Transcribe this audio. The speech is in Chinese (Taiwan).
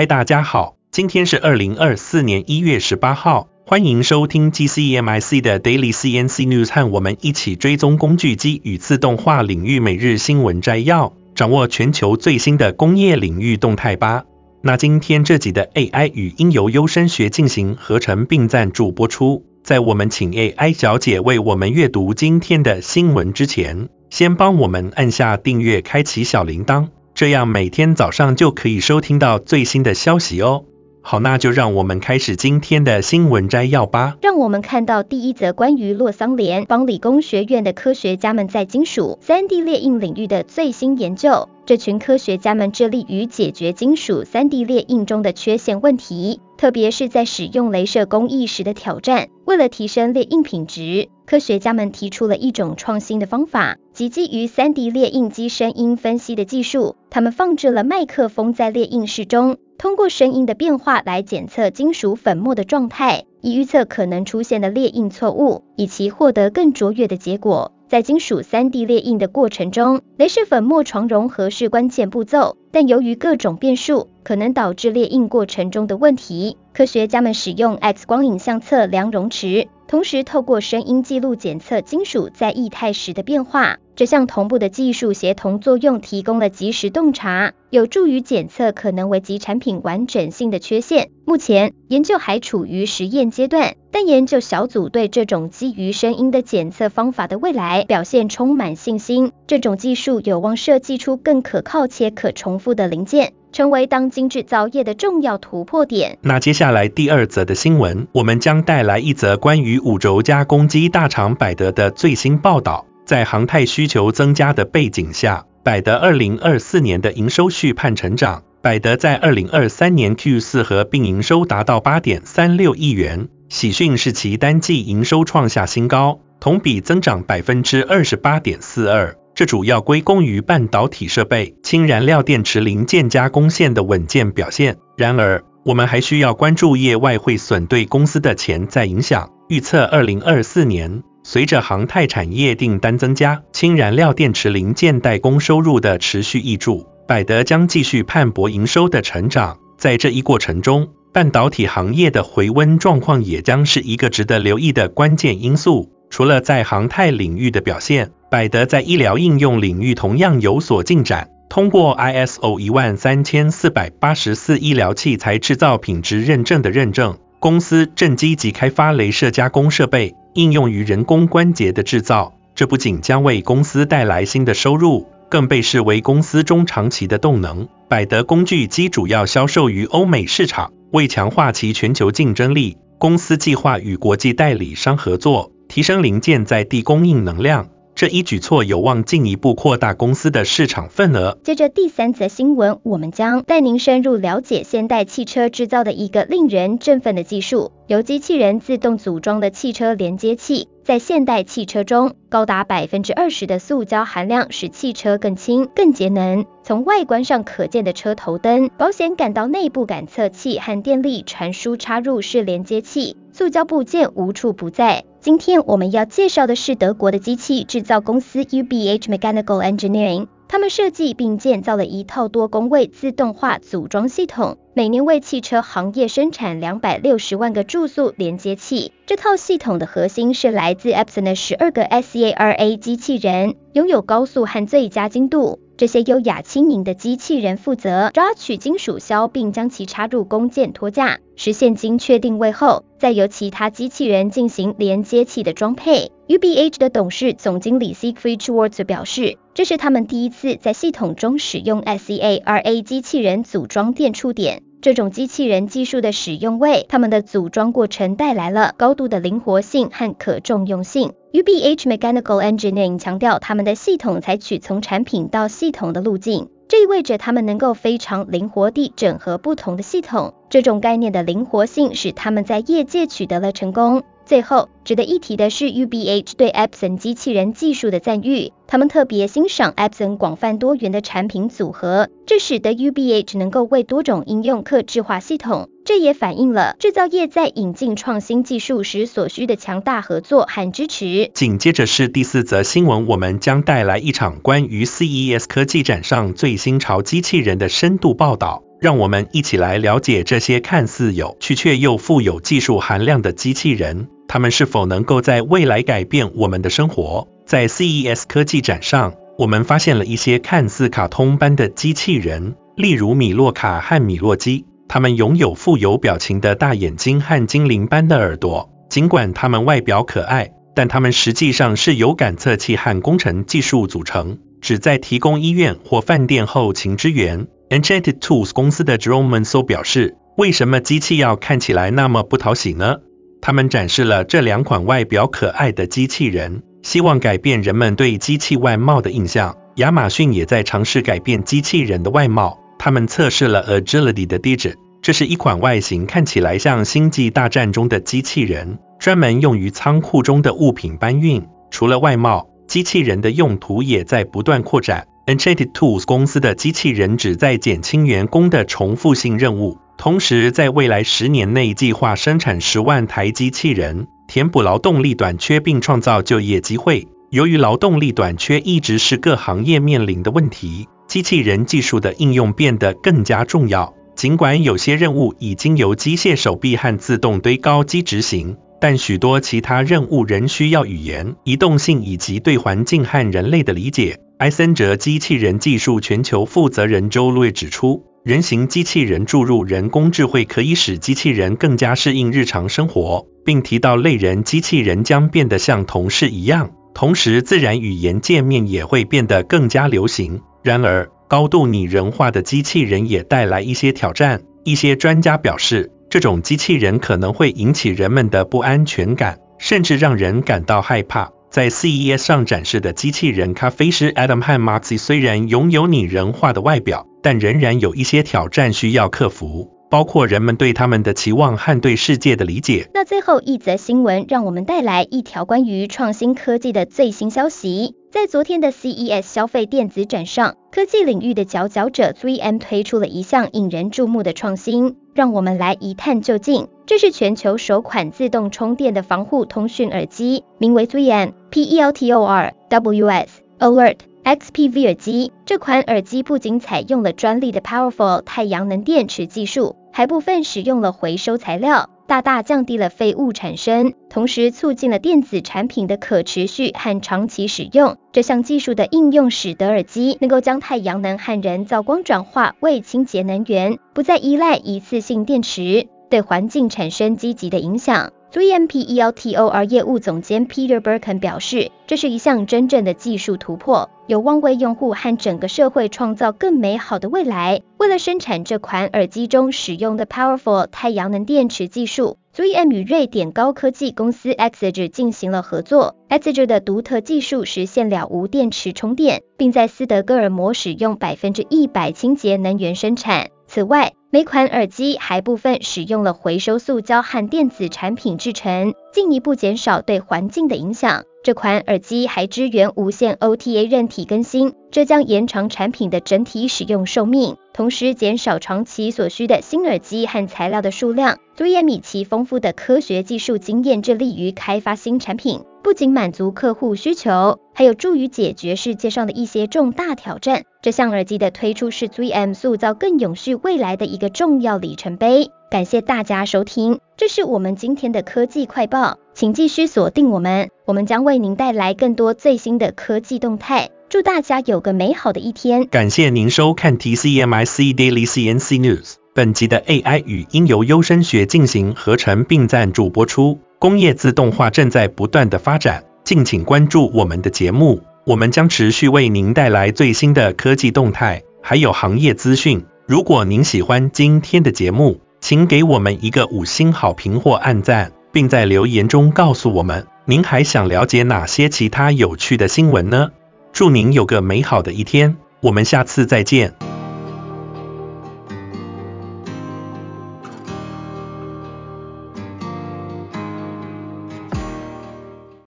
嗨，大家好，今天是二零二四年一月十八號，歡迎收聽 TCMIC 的 Daily CNC News 和我們一起追蹤工具機與自動化領域每日新聞摘要，掌握全球最新的工業領域動態吧。那今天這集的 AI 語音由優聲學進行合成並贊助播出，在我們請 AI 小姐為我們閱讀今天的新聞之前，先幫我們按下訂閱，開啟小鈴鐺。這樣每天早上就可以收聽到最新的消息哦。好，那就讓我們開始今天的新聞摘要吧。讓我們看到第一則關於洛桑聯邦理工學院的科學家們在金屬 3D 列印領域的最新研究。這群科學家們致力於解決金屬 3D 列印中的缺陷問題，特別是在使用鐳射工藝時的挑戰。為了提升列印品質，科學家們提出了一種創新的方法。及基於 3D 列印機聲音分析的技術，他們放置了麥克風在列印室中，通過聲音的變化來檢測金屬粉末的狀態，以預測可能出現的列印錯誤，以期獲得更卓越的結果。在金屬 3D 列印的過程中，雷射粉末床融合是關鍵步驟，但由於各種變數，可能導致列印過程中的問題。科學家們使用 X 光影像測量熔池，同時透過聲音記錄檢測金屬在液態時的變化。這項同步的技術協同作用提供了及時洞察，有助於檢測可能危及產品完整性的缺陷。目前，研究還處於實驗階段，但研究小組對這種基於聲音的檢測方法的未來表現充滿信心。這種技術有望設計出更可靠且可重複的零件。成為當今製造業的重要突破點。那接下來第二則的新聞，我們將帶來一則關於五軸加工機大廠百德的最新報道。在航太需求增加的背景下，百德2024年的營收續盼成長。百德在2023年 Q4 合併營收達到8.36億元，喜訊是其單季營收創下新高，同比增長百分之二十八點四二。這主要歸功於半導體設備、氫燃料電池零件加工線的穩健表現。然而，我們還需要關注業外匯損對公司的潛在影響。預測2024年，隨着航太產業訂單增加，氫燃料電池零件代工收入的持續挹注，百德將繼續拚搏營收的成長。在這一過程中，半導體行業的回溫狀況也將是一個值得留意的關鍵因素。除了在航太領域的表現，百德在醫療應用領域同樣有所進展。通過 ISO 一萬三千四百八十四醫療器材製造品質認證的認證，公司正積極開發雷射加工設備，應用於人工關節的製造。這不僅將為公司帶來新的收入，更被視為公司中長期的動能。百德工具機主要銷售於歐美市場，為強化其全球競爭力，公司計劃與國際代理商合作。提升零件在地供應能量，這一舉措有望進一步擴大公司的市場份額。接着第三則新聞，我們將帶您深入了解現代汽車制造的一個令人振奮的技術——由機器人自動組裝的汽車連接器。在現代汽車中，高達百分之二十的塑膠含量使汽車更輕、更節能。從外觀上可見的車頭燈、保險桿到內部感測器和電力傳輸插入式連接器，塑膠部件無處不在。今天我們要介紹的是德國的機器制造公司 UBH Mechanical Engineering，他們設計並建造了一套多工位自動化組裝系統，每年為汽車行業生產兩百六十萬個注塑連接器。這套系統的核心是來自 Epson 的十二個 SCARA 機器人，擁有高速和最佳精度。這些優雅輕盈的機器人負責抓取金屬銷，並將其插入工件託架，實現精確定位後，再由其他機器人進行連接器的裝配。UBH 的董事總經理 Siegfried Schwartz 表示，這是他們第一次在系統中使用 SCARA 機器人組裝電觸點。這種機器人技術的使用為他們的組裝過程帶來了高度的靈活性和可重用性。UBH Mechanical Engineering 強調，他們的系統採取從產品到系統的路徑，這意味着他們能夠非常靈活地整合不同的系統。這種概念的靈活性使他們在業界取得了成功。最後值得一提的是，UBH 對 Epson 機器人技術的讚譽。他們特別欣賞 Epson 廣泛多元的產品組合，這使得 UBH 能夠為多種應用客制化系統。這也反映了制造業在引進創新技術時所需的強大合作和支持。緊接着是第四則新聞，我們將帶來一場關於 CES 科技展上最新潮機器人的深度報道。讓我們一起來了解這些看似有趣卻又富有技術含量的機器人。他們是否能夠在未來改變我們的生活？在 CES 科技展上，我們發現了一些看似卡通般的機器人，例如米洛卡和米洛基。他們擁有富有表情的大眼睛和精靈般的耳朵。儘管它們外表可愛，但它們實際上是由感測器和工程技術組成，旨在提供醫院或飯店後勤支援。Enchanted Tools 公司的 Jerome Mansell 表示：“為什麼機器要看起來那麼不討喜呢？”他們展示了這兩款外表可愛的機器人，希望改變人們對機器外貌的印象。亞馬遜也在嘗試改變機器人的外貌。他們測試了 Agility 的 Digit，這是一款外形看起來像《星際大戰》中的機器人，專門用於倉庫中的物品搬運。除了外貌，機器人的用途也在不斷擴展。Enchanted Tools 公司的機器人旨在減輕員工的重複性任務。同時，在未來十年內計劃生產十萬台機器人，填補勞動力短缺並創造就業機會。由於勞動力短缺一直是各行業面臨的問題，機器人技術的應用變得更加重要。儘管有些任務已經由機械手臂和自動堆高機執行，但許多其他任務仍需要語言、移動性以及對環境和人類的理解。埃森哲機器人技術全球負責人周瑞指出。人形機器人注入人工智慧，可以使機器人更加適應日常生活，並提到類人機器人將變得像同事一樣。同時，自然語言界面也會變得更加流行。然而，高度擬人化的機器人也帶來一些挑戰。一些專家表示，這種機器人可能會引起人們的不安全感，甚至讓人感到害怕。在 CES 上展示的機器人咖啡師 Adam 和 Marzi 雖然擁有擬人化的外表。但仍然有一些挑戰需要克服，包括人們對他們的期望和對世界的理解。那最後一則新聞，讓我們帶來一條關於創新科技的最新消息。在昨天的 CES 消費電子展上，科技領域的佼佼者 3M 推出了一項引人注目的創新，讓我們來一探究竟。這是全球首款自動充電的防護通訊耳機，名為 3M PELTOR WS Alert。XPV 耳機，這款耳機不僅採用了專利的 Powerful 太陽能電池技術，還部分使用了回收材料，大大降低了廢物產生，同時促進了電子產品的可持續和長期使用。這項技術的應用使得耳機能夠將太陽能和人造光轉化為清潔能源，不再依賴一次性電池，對環境產生積極的影響。3M Peltor 業務總監 Peter Birken 表示，這是一項真正的技術突破，有望為用戶和整個社會創造更美好的未來。為了生產這款耳機中使用的 powerful 太陽能電池技術，3M 與瑞典高科技公司 Exeger 進行了合作。Exeger 的獨特技術實現了無電池充電，並在斯德哥爾摩使用百分之一百清潔能源生產。此外，每款耳機還部分使用了回收塑膠和電子產品製成，進一步減少對環境的影響。這款耳機還支援無線 OTA 韌體更新，這將延長產品的整體使用壽命，同時減少長期所需的新耳機和材料的數量。3M 其豐富的科學技術經驗，致力於開發新產品。不僅滿足客戶需求，還有助於解決世界上的一些重大挑戰。這項耳機的推出是 3M 塑造更永續未來的一個重要里程碑。感謝大家收聽，這是我們今天的科技快報，請繼續鎖定我們，我們將為您帶來更多最新的科技動態。祝大家有個美好的一天。感謝您收看 TCMIC Daily CNC News。本集的 AI 語音由優聲學進行合成並贊助播出。工業自動化正在不斷的發展，敬請關注我們的節目，我們將持續為您帶來最新的科技動態，還有行業資訊。如果您喜歡今天的節目，請給我們一個五星好評或按讚，並在留言中告訴我們您還想了解哪些其他有趣的新聞呢？祝您有個美好的一天，我們下次再見。